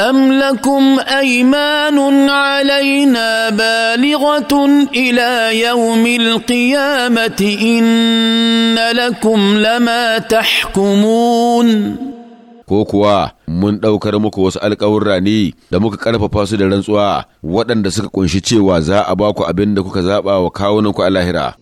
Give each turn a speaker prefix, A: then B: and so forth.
A: أم لكم أيمان علينا بالغة إلى يوم القيامة إن لكم لما تحكمون
B: ko kuwa mun ɗaukar muku wasu alƙawurra ne da muka ƙarfafa su da rantsuwa waɗanda suka ƙunshi cewa za a ba ku abin da kuka zaɓa wa kawunanku a lahira